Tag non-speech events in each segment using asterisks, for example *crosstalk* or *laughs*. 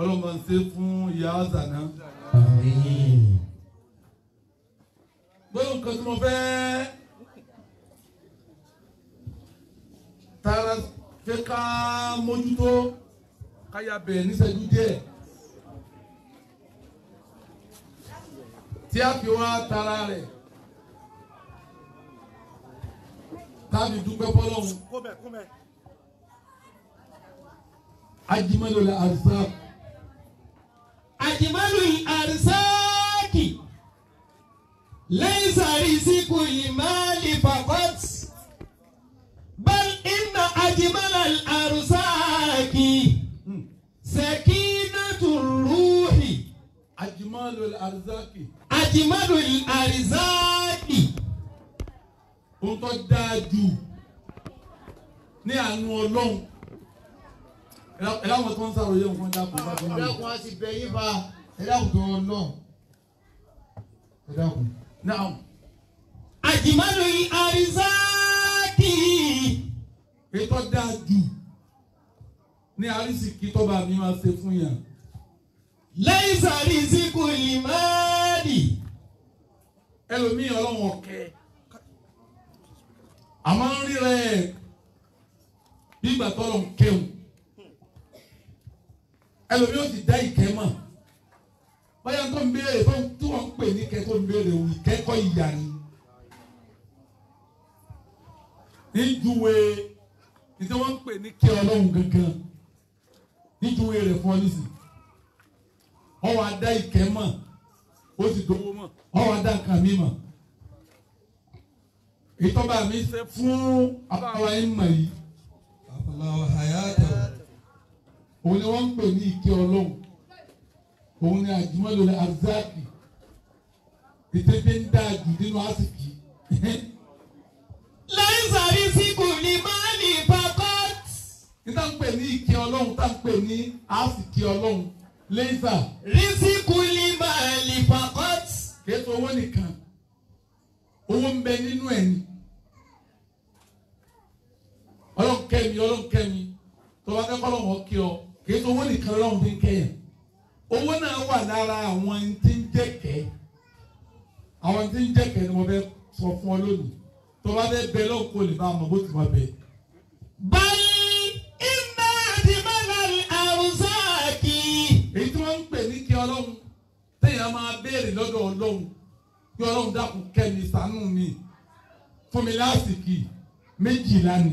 ọlọ́mọ ṣe fún ìyá àzànà. bóyá nǹkan tí mo fẹ́ tara fẹ́ ká mójútó káyà bẹ̀rẹ̀ níṣẹ́jú díẹ̀. tí a fi wá tara rẹ̀ tàbí dúpẹ́ fọlọ́run. ajímọ́lò la àrísà àjìmọ́lù àrísáàkì lẹ́yìn sàrí síkù ìmáàlì pàkọ́t bal inna àjìmọ́lù àrísáàkì sẹ̀kínàtù rúhì. àjìmọ́lù àrísáàkì. àjìmọ́lù àrísáàkì. ohun tó dáa jù ní àánú ọlọ́run ẹ láwọn tó ń sàròyé nǹkan dákun bá tó ń lò. ẹ dákun á ti bẹ yín bá ẹ dákun tó ń lọ ẹ dákun. naam àjìmọ́lò àrísáàkì. ètò dáa jù ní àrísìkí tó bá mi máa ṣe fún yàn. lẹ́yìn sàrí síkù ìmáàdì. ẹlòmíì ọlọ́run ọ̀kẹ́ àmọ́ ń rí rẹ̀ bí ìgbà tọ́lọ̀ kẹ́hùn ẹlòmíì ó sì dá ìkẹ́ mọ̀ báyà tó ń béèrè tó tí wọ́n ń pè ní ìkẹ́ tó ń béèrè òun ìkẹ́kọ̀ọ́ ìyà ni níjúwe ní tí wọ́n ń pè ní kí ọlọ́run gangan níjúwe rẹ̀ fún ọ nísìnyí ọwọ́ adá ìkẹ́ mọ̀ ó sì dowó mọ̀ ọwọ́ adá nǹkan mi mọ̀ ìtọ́ba mi ṣe fún abáwa ń mọ̀ yìí. àbúlá ọ̀hà yá òun ni wọ́n ń pè ní ìké ọlọ́run òun ni àjùmọ̀lò azaki ìtẹ́tẹ́ ń dá jù nínú àsìkí. láì sàrí sí kò ní máa ní pàkọ́t. níta ń pè ní ìké ọlọ́run tá ń pè ní àsìkí ọlọ́run lẹ́sà. rísíkù ní máa pàkọ́t. kéètò owó nìkan owó ń bẹ nínú ẹ̀ ni ọlọ́run kẹ́ ọlọ́run kẹ́ tọ́wọ́ akẹ́kọ̀ọ́ lọ́wọ́ kí ọ kì í sọ owó nìkan lọ́run fi ń kẹ́yàn owó náà wà lára àwọn tí ń jẹ́kẹ́ àwọn tí ń jẹ́kẹ́ ni mo fẹ́ sọ fún ọ lónìí tó bá fẹ́ bẹ lọ́wọ́ kó lè bá ọmọ bó ti máa bẹ. báyìí iná àti mọ́lẹ́rì àrùsáàkì. èyí tí wọ́n ń pè ní kí ọlọ́run téèyàn máa béèrè lọ́dọ̀ ọlọ́run kí ọlọ́run dákun kẹ́ mi ṣàánú mi fún mi lásìkò méjìlá ni.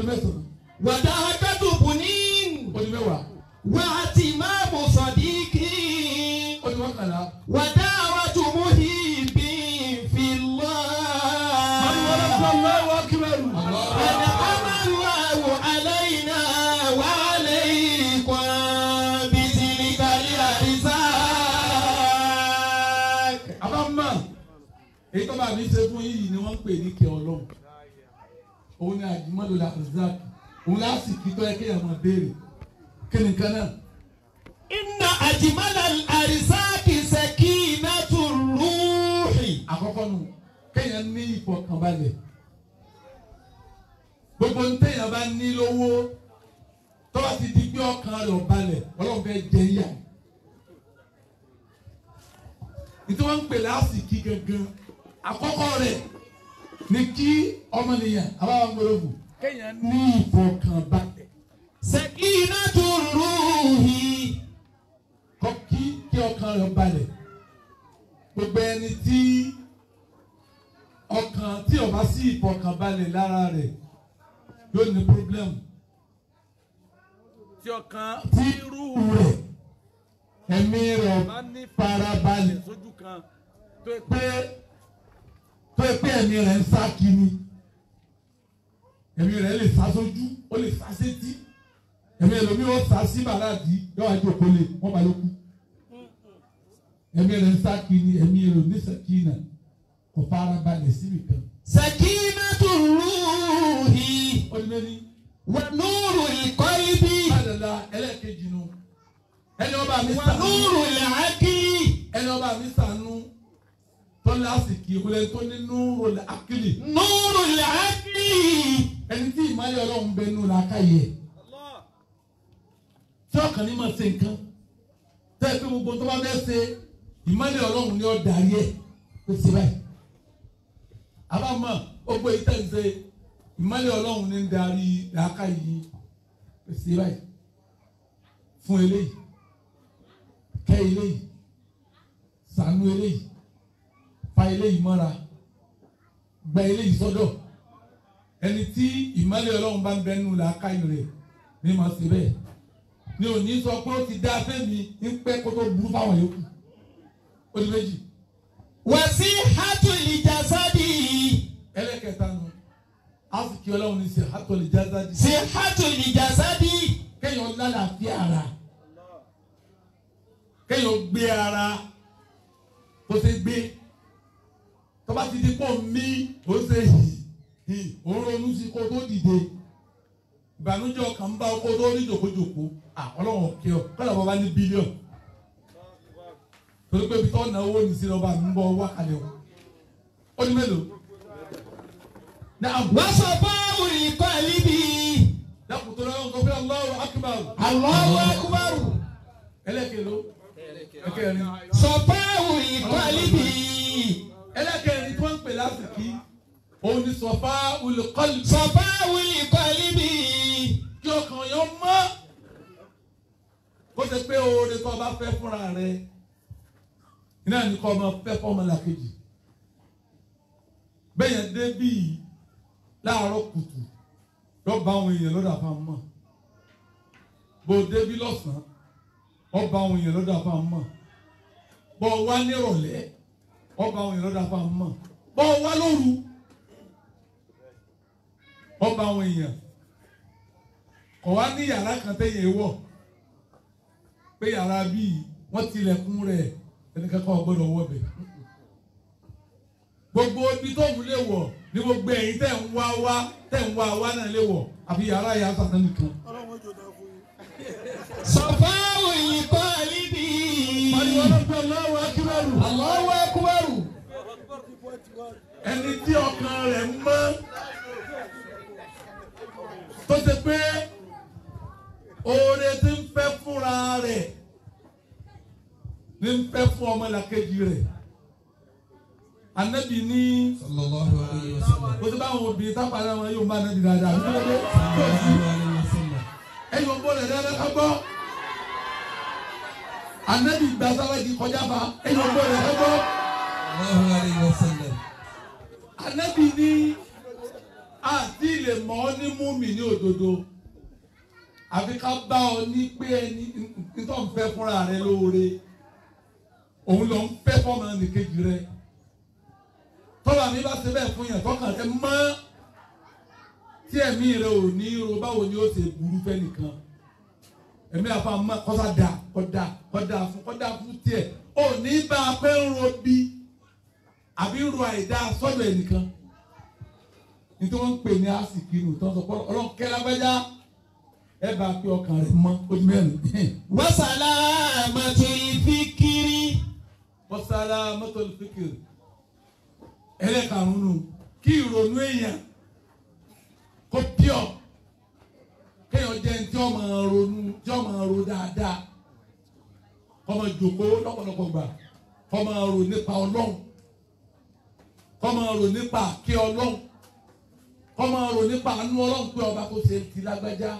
odi mẹ́sàn-án. wàdà àgbẹ̀dù bùnín. odi mẹ́wàá. wà á ti máa mú sọ̀díkì. odi mọ́kànlá. wàdà àwọn tùmú hìbì fìlà. àwọn ọlọ́sọ̀ lọ́wọ́ kílẹ̀rù. wàdà àmàlù àwọ̀ àlẹ́yìnà wà á lè kọ́ bìtìlì kàlí àrísà. àbámu èyí tó bá mi ṣe fún yìí ni wọ́n ń pè ní kẹ́ ọlọ́run òun ni àjùmọ̀lò làbùzák òun láti kí tọ́ ẹ kéèyàn máa béèrè kí ni kan náà. inna àjùmọ̀lò àrísáàkì ṣèkí iná tó rúùrì. àkọ́kọ́ nù kéèyàn ní ìfọkànbalẹ̀ gbogbo ntẹ̀yàn bá ní lówó tọ́wọ́ ti di pé ọkàn rẹ̀ ọ̀balẹ̀ ọlọ́run fẹ́ jẹ yà. nítorí ń pè láàsì kí gangan àkọ́kọ́ rẹ̀ ni kí ọmọnìyàn abáwọ̀ngbọ̀lọ́gùn ní ìfọkànbalẹ̀. sakinatu ruhi kọ́ kí kí ọkàn rẹ̀ balẹ̀ gbogbo ẹni tí ọkàn tí ó bá sí ìfọkànbalẹ̀ lára rẹ̀ yóò ní pírọ́blẹ́mù. tí ọkàn tí irú rẹ̀ ẹ̀mí rẹ̀ farabalẹ̀ pé tó yẹ pé ẹ̀mí rẹ̀ ń sá kiri ẹ̀mí rẹ̀ lè sá sójú ó lè sá sétí ẹ̀mí ẹlòmí ó sá sí bàràdì yóò wá jókòó lé wọ́n bá ló kú ẹ̀mí rẹ̀ ń sá kiri ẹ̀mí ẹlòmí sàkínà kò fara balẹ̀ síbi kan. sàkínà tó rúùhì wà núrù ìkọ́ ibi. bàdàdà ẹlẹ́ẹ̀kejì nù ẹni ọba mi sànú tó lásìkò ìwúlẹ̀ tó ní akili, làákìlì. núrò làákìlì. ẹni tí ìmọ̀lẹ́ ọlọ́run bẹ nù làákàyè. tí ọkàn ní máa ṣe nǹkan tẹ́ ẹ gbogbo tó bá fẹ́ ṣe ìmọ̀lẹ́ ọlọ́run ni ó darí ẹ̀ kó ṣe báyìí. àbámọ̀ gbogbo yìí tẹ̀ ń ṣe ìmọ̀lẹ́ ọlọ́run ni ń darí làákàyè kó ṣe báyìí fún eléyìí kẹ́ eléyìí sànú eléyìí pa eléyìí mọ́ra gba eléyìí sọ́dọ̀ ẹni tí ìmọ́lẹ̀ ọlọ́run bá ń bẹ nínú làákàyè rẹ̀ ní màá ṣe bẹ́ẹ̀ ni ò sọ pé ó ti dá fẹ́mi ń pẹ́ kó tó burú fáwọn yòókù ó di méjì. wàsí hátùlì jásádì. ẹlẹ́kẹ̀ta nù áfíkì ọlọ́run ní sí hátùlì jásádì. sí hátùlì jásádì. kéèyàn lálàáfíà ara kéèyàn gbé ara kó ṣe gbé tó bá ti di kó mí ó ṣe hì ó ronú sí kó tó dìde ìbànújẹ́ ọkàn bá kó tó rí jòkójòkó ọlọ́run ọ̀kẹ́ ọ kọ́lá bàbá ní bílíọ̀nù torí pé ibi tó owó ní sí ọba ń bọ̀ wá kalẹ̀ ó ní mélòó. wọ́n sọ báwo ìkọ́ ẹ̀líbi. dákun tó lọ́wọ́ nǹkan fún Allahu akbar. Allahu akbar. ẹlẹ́kẹ̀ẹ́ ló ẹlẹ́kẹ̀ẹ́ sọ báwo ìkọ́ ẹ̀líbi ẹlẹ́kẹ̀rin tí wọ́n ń pè lásìkí òun ni sọ̀fà olùkọ́lì. sọ̀fà olùkọ́lì bí. kí ọkàn yẹn mọ́ kó ṣe pé oore tó bá fẹ́ fúnra rẹ̀ iná ní kọ́ ọmọ fẹ́ fọ́mọlá kejì bẹ́yẹn dé bíi láàárọ̀ kùtù lọ́ba àwọn èèyàn lọ́dà fáwọn mọ̀ bó dé bí lọ́sàn-án ọba àwọn èèyàn lọ́dà fáwọn mọ̀ bọ́ wá nírọ̀lẹ́ ọba àwọn èèyàn lọ́dọ̀ àfàmù mọ̀ bọ́ ọ wá lóru ọba àwọn èèyàn kọ̀ wá ní yàrá kan tẹ́yẹ̀ wọ̀ pé yàrá bíi wọ́n tilẹ̀kùn rẹ̀ ẹnìkan kan gbọ́dọ̀ wọ̀ bẹ̀ gbogbo ibi tó wù lè wọ̀ ní gbogbo ẹ̀yin tẹ̀ ń wá wá tẹ̀ ń wá wá náà lè wọ̀ àbí yàrá yà sàtà nìkan. sọfáwò yìí àlídìí. pariwo ọlọ́pàá Allahu akbar. Allahu akbar ẹni tí ọkàn rẹ̀ mọ́ tó ṣe pé oore ti ń fẹ́ fúnra rẹ̀ ní ń fẹ́ fún ọmọ làkejì rẹ̀ anabi ní o ti obìnrin tápá ara wọn yóò bá anabi dáadáa bí wọ́n tó ti ẹ̀yìn ọgbọ́n rẹ̀ dáadáa ká gbọ́ anabi gba kọjá fa ẹ̀yìn ọgbọ́n rẹ̀ ká gbọ́ ànábì ní àti ilé mọ́ ní múmi ní òdodo àfi ká bá ọ ní pé ẹni tó ń fẹ́ fúnra rẹ lóore òun ló ń fẹ́ fọ́mọ nìkejì rẹ tọ́lá mi bá ṣe bẹ́ẹ̀ fún yẹn tọ́kàn rẹ mọ́ tí ẹ̀mí rẹ ò ní ro báwo ni ó ṣe burú fẹ́ nìkan ẹ̀mí àfa mọ́ kọ́sá dà kọ́dà kọ́dà fún kọ́dà fún tiẹ̀ ò ní bá a fẹ́ ń ro bíi àbí ru àìdá sọ́dọ̀ ẹnìkan nítorí wọ́n ń pè ní àsìkìrù tó ń sọ pé ọlọ́run kẹlágbájá ẹ bá pé ọkàn rẹ̀ mọ́ ojú mẹ́rin. *laughs* wọ́sàlá àmọ́tò ìfikiri. wọ́sàlá àmọ́tò ìfikiri. ẹlẹ́karùn-ún kí ìrònú èèyàn kó pure kéèyàn jẹ́ ní tí wọ́n máa ronú tí wọ́n máa ro dáadáa kó máa jókòó lọ́pọ̀lọpọ̀ gbà kó máa ro nípa ọlọ́run kọ́ máa rò nípa àkẹ́ ọlọ́run kọ́ máa rò nípa àánú ọlọ́run pé ọba tó ṣe ti lágbájá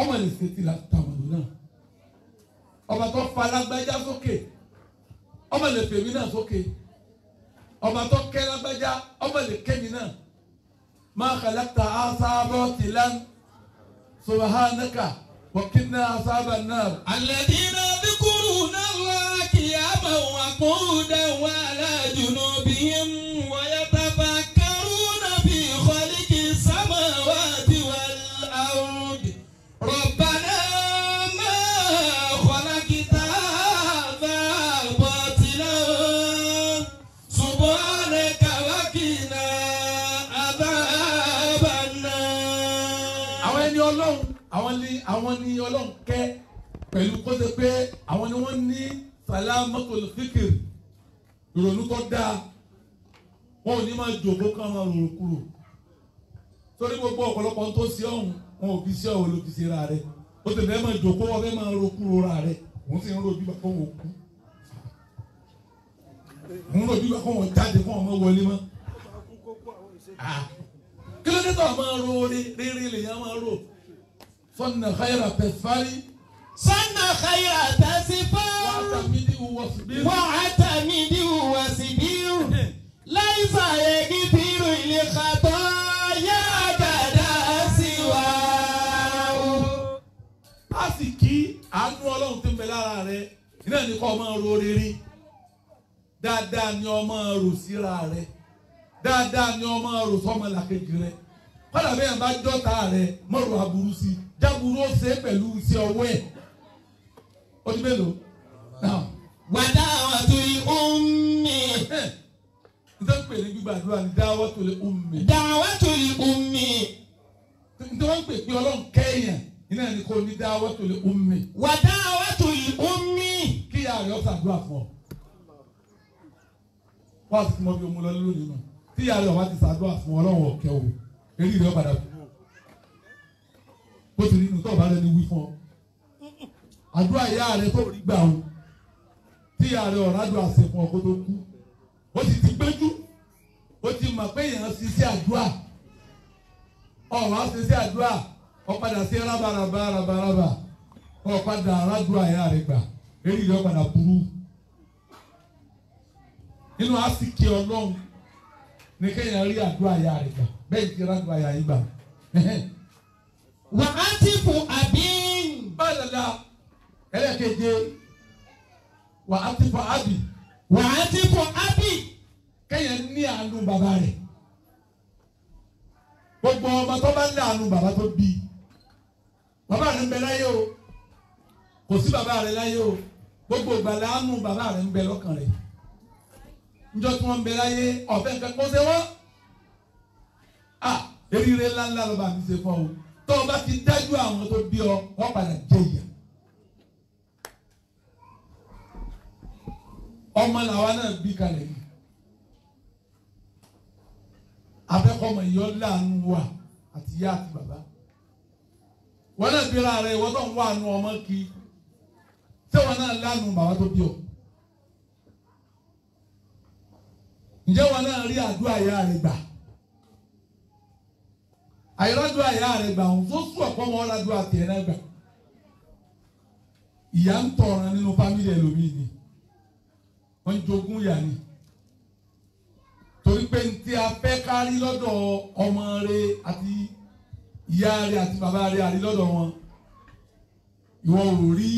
ọmọ lè ṣe ti tàmọ̀dù náà ọba tó fa lágbájá sókè ọmọ lè fèmí náà sókè ọba tó kẹ́ lágbájá ọmọ lè kẹ́mi náà máa kàlẹ́kítà ásáábọ̀ tìlán subhanaka wa qina azaban nar. alladhina yadhkuruna Allaha qiyaman wa qu'udan wa 'ala pẹ̀lú kó ṣe pé àwọn ni wọ́n ní salamatul fikir ìrònú tó dáa wọn ò ní máa jòkó ká máa rò kúrò torí gbogbo ọ̀pọ̀lọpọ̀ tó ṣe ọ̀hún wọn ò fi ṣe ọ̀hún ló fi ṣe ra rẹ̀ ó sì fẹ́ máa jòkó wọn fẹ́ máa rò kúrò ra rẹ̀ òun sì ń rò bí bàbá wọn kú òun rò bí bàbá wọn jáde fún ọmọ wọlé mọ́ kí ló dé tó a máa ro orin rírì lèyàn máa rò fọ́nà káyọ̀rọ̀ pẹ̀fárí sanna khayra tasifa wa atamidi wa sidiru laisa yagidiru ilé kàtọ́ yá àgàdá síwá. a sì kí àánú ọlọ́run tó ń bẹ lára rẹ iná ní kọ́ ọmọ ro rírí dáadáa ni ọmọ rò síra rẹ dáadáa ni ọmọ rò sọmọ làkejì rẹ kọ́dà bẹ́ẹ̀ bá jọ́ta rẹ mọ̀rọ̀ àbúrú sí jábúrú ṣe pẹ̀lú iṣẹ́ ọwọ́ ẹ̀ ó di mélòó. wàdà àwàtò ìhùnmí. nítorí pé ní gbígbàdúrà ní dáwọ́ tó lè ummi. dáwọ́ tó lè ummi. nítorí pé pé ọlọ́run kẹ́yìn iná ni kò ní dáwọ́ tó lè ummi. wàdà àwàtò ìhùnmí. kí ààrẹ ọ̀sán àdúrà fún ọ. wọ́n á sì mọ bí omi lọ lónìí náà tí ààrẹ ọ̀wá ti sàdúrà fún ọlọ́run ọ̀kẹ́ o èyí rẹ̀ padà àdúrà ìyá rẹ tó rí gbà o tí ìyá rẹ ọ̀rá dùn àsèkùn ọkọ tó kú ó sì ti gbẹ́jú ó ti mọ̀ pé èèyàn sì sí àdúrà ọ̀rá sì sí àdúrà ọ̀padà sí rábàràbà rábàràbà ọ̀padà àràdùn àyà rẹ gbà eré ìyá ọ̀padà burú nínú àsìkè ọlọ́run ní kéèyàn rí àdúrà àyà rẹ gbà bẹ́ẹ̀ ti rádùn àyà yìí gbà. wàá ti fún àbí. báyìí dáadáa ẹlẹ́keje wà á ti fọ abi wà á ti fọ ábì. kẹ́yìn ní àánú bàbá rẹ̀ gbogbo ọmọ tó bá ní àánú bàbá tó bí bàbá rẹ̀ ń bẹ láyé o kò sí bàbá rẹ̀ láyé o gbogbo ìgbàlá àánú bàbá rẹ̀ ń bẹ lọ́kàn rẹ̀ njọ́ tí wọ́n ń bẹ láyé ọ̀fẹ́ nǹkan kó ṣe wọ́n a eré ńláńlá ló bá mi ṣe fọ́ o tó o bá ti dájú àwọn tó bí ọ wọ́n padà jẹ ìyà. ọmọ làwa náà bí kalẹ̀ yìí abẹ́kọ̀ọ́mọ ìyọ́ láàánú wa àti ìyá àti bàbá wọn náà bí ara rẹ ìwọ tó ń wá àánú ọmọ kí ṣé wọn náà láàánú bàbá tó bí ọ ǹjẹ́ wọn náà rí àdúrà ìyá rẹ gbà àyọ̀ládùn àyà rẹ̀ gbà wọn tó sùn ọ̀pọ̀ wọn ládùn àtẹ̀ náà gbà ìyá ń tọ̀ràn nínú fámìlì ẹlòmíì ni wọ́n jogún yà ni torí pé ntí a fẹ́ kárí lọ́dọ̀ ọmọ rẹ àti ìyá rẹ àti bàbá rẹ àrí lọ́dọ̀ wọn ìwọ ò rí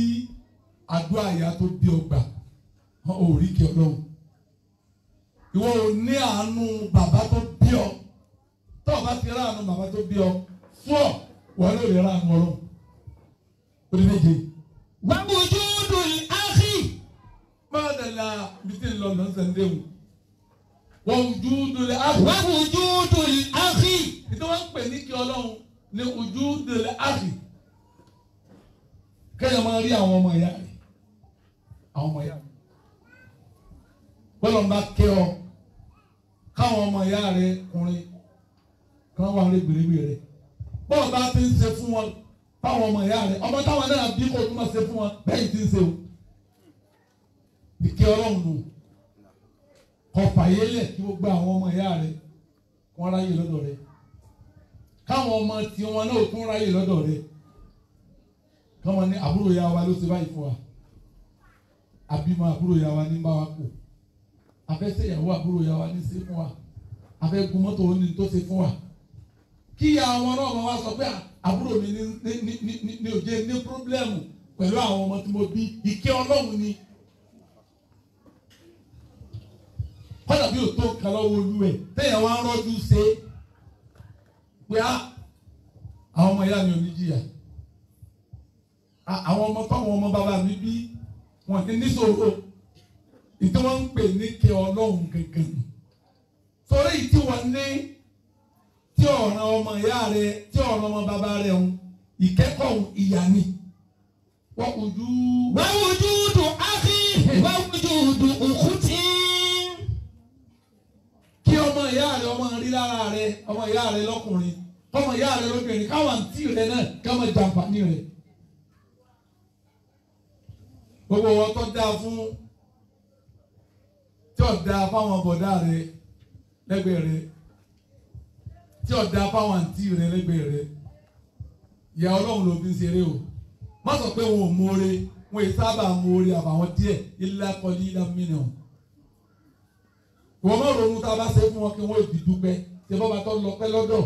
àdúrà ìyá tó bí ọgbà wọn ò rí kí ọlọ́run ìwọ ò ní àánú bàbá tó bí ọ tó o bá ti rá àánú bàbá tó bí ọ fún ọ wọn ló lè rá àánú ọlọ́run ó dé méje. wọ́n bójú la bìtì lọ náà sẹ́ndé wò. wọ́n ojú dole afi. wọ́n ojú dole afi. ìdí wọ́n ń pè ní kí ọlọ́run ní ojú dole afi. kẹ́yọ̀ máa rí àwọn ọmọ ìyá rẹ̀ àwọn ọmọ ìyá rẹ̀ bọ́lá ń bá kẹ́ ọ káwọn ọmọ ìyá rẹ̀ kùnrin kan wà lé gbèrègbè rẹ̀ bọ́ọ̀ bá ti ń ṣe fún wọn fáwọn ọmọ ìyá rẹ̀ ọmọ táwọn náà bí ìkẹ́ ọlọ́run nù kó fàyélẹ̀ kí gbogbo àwọn ọmọ ìyá rẹ wọ́n ráyè lọ́dọ̀ rẹ káwọn ọmọ tiwọn náà tún ráyè lọ́dọ̀ rẹ káwọn ní àbúrò ìyá wa ló ti báyìí fún wa àbímọ àbúrò ìyá wa ní bá wa kù afẹ́sẹ̀yàwó àbúrò ìyá wa ní sí fún wa afẹ́gun mọ́tò ní tó ṣe fún wa kí ìyá wọn náà máa wá sọ pé àbúrò mi ní òjé ní pírọ́blẹ́mù pẹ̀lú àwọn ọmọ tí mo bí ìkẹ́ ọlọ́run ni kọ́dà bí o tó nǹkan lọ́wọ́ olú ẹ̀ téèyàn wá ń rọ́jú ṣe pé á ah, àwọn ọmọ ìyá mi ò ní jìyà àwọn ọmọ táwọn ọmọ bàbá mi bí wọn ti ní ṣòro ìtí wọn ń pè ní kí ọlọ́run gangan torí ìtí wọn ní tí ọ̀ràn ọmọ ìyá rẹ tí ọ̀ràn ọmọ bàbá rẹ ń ìkẹ́kọ̀ọ́ ìyá ni wọ́n ojú. wọ́n ojú dùn ákì wọ́n ojú dùn òkúta ìyá rẹ ọmọ rí lára rẹ ọmọ ìyá rẹ lọ́kùnrin ọmọ ìyá rẹ lóbìnrin káwọn àǹtí rẹ náà káwọn máa jàǹfààní rẹ. gbogbo wọn tó dáa fún tí ò dáa fáwọn bọ̀dá rẹ lẹ́gbẹ̀ẹ́ rẹ tí ò dáa fáwọn àǹtí rẹ lẹ́gbẹ̀ẹ́ rẹ ìyá ọlọ́run ló fi ń ṣeré o má sọ pé wọn ò mú oore wọn ì sábà mú oore àbàwọn díẹ̀ ilé akọ́lé ilé amínà wọ́n mọ̀ ronú tá a bá ṣe fún wọn kí wọ́n ti dúpẹ́ ṣe bọ́ bá tọ́ lọ pẹ́ lọ́dọ̀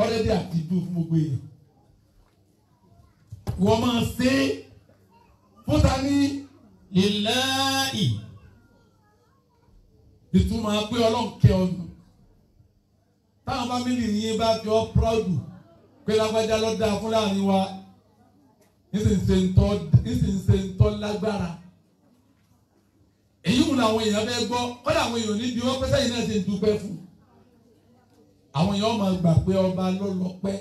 ọ̀rẹ́dẹ̀ àti ìdú fún gbogbo èèyàn. wọ́n máa ṣe fúta ní lillahi ìtumọ̀ pé ọlọ́ọ̀kẹ́ ọ̀nà táwọn fámìlì yìí bá jọ púráùdù pé lágbájá lọ́dà fúlàní wa nísinsìnyí ń tọ́ lágbára. Jésù làwọn èèyàn fẹ́ gbọ́ kọ́dà àwọn èèyàn níbi wọ́n pẹ́sẹ́ yìí náà ṣe ń dúpẹ́ fún un. àwọn èèyàn máa gbà pé ọba ló lọ́pẹ́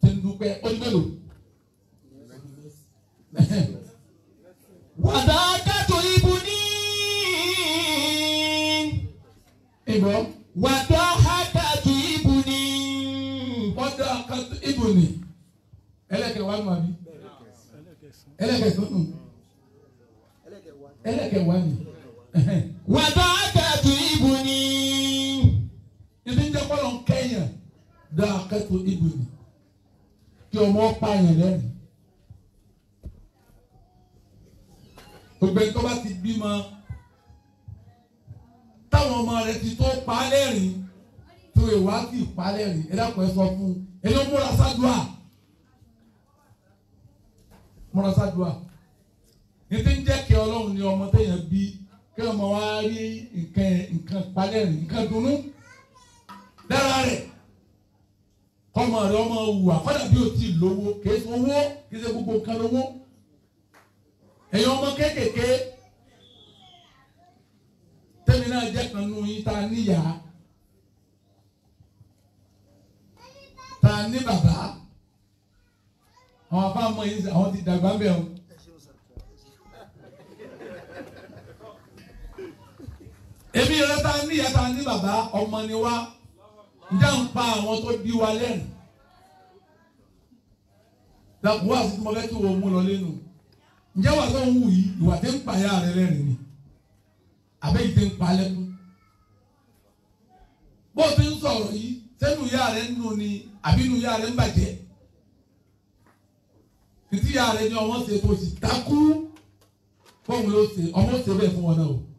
ti ń dúpẹ́ ó wàdà dàtò ibu ní. ìbọn. wàdà dàtò ibu ní. wàdà dàtò ibu ní. ẹlẹ́kẹ̀ wá nù àbí. ẹlẹ́kẹ̀ sọ́nù ẹlẹ́kẹ̀wá ni. *laughs* wàtá àtàtù ibù ni. ibi ń dẹ́kọ́lọ̀ ń kẹ́yàn dá akẹ́tù ibù ni kí ọmọ pààyàn lẹ́nu. obìnrin tó bá ti bímọ táwọn ọmọ rẹ ti tó pa lẹ́rìn tó ìwádìí pa lẹ́rìn ẹ dákun ẹ sọ fún ẹ ló múra sádùá múra sádùá ní ń jẹ́ ọlọ́run ni ọmọ téèyàn bí kí ọmọ wa rí nǹkan nǹkan palẹ̀ rìn nǹkan dunnú dára rẹ̀ kọ́mọ rẹ̀ ọmọ wù àkọ́dà bí o ti lówó kìí sọ owó kìí ṣe gbogbo nǹkan lówó ẹ̀yin ọmọ kéékèèké tẹ́mi náà jẹ́ kan nù yín tá a níyàá tá a ní bàbá àwọn afáàmọ́ yìí àwọn ti dàgbà bẹ́ẹ̀ o. èmi ìrẹ́ ta ní ìyá ta ní bàbá ọmọ ni wá njẹ́ ń pa àwọn tó bí wa lẹ́nu dàpọ̀ wá fún mọ́lẹ́ kí wọ́n mú lọ lẹ́nu njẹ́ wà tó ń wù yìí ìwà tí ń pa ya rẹ lẹ́nu ni àbẹ́ yìí ń pa lẹ́kún bó o ti ń sọ̀rọ̀ yìí sẹ́nu ya rẹ nù ni àbí nu ya rẹ ń bàjẹ́ títí ya rẹ ni ọmọ ṣe kò sì takú fóun ló ṣe ọmọ ṣe bẹ́ẹ̀ fún wọn náà o.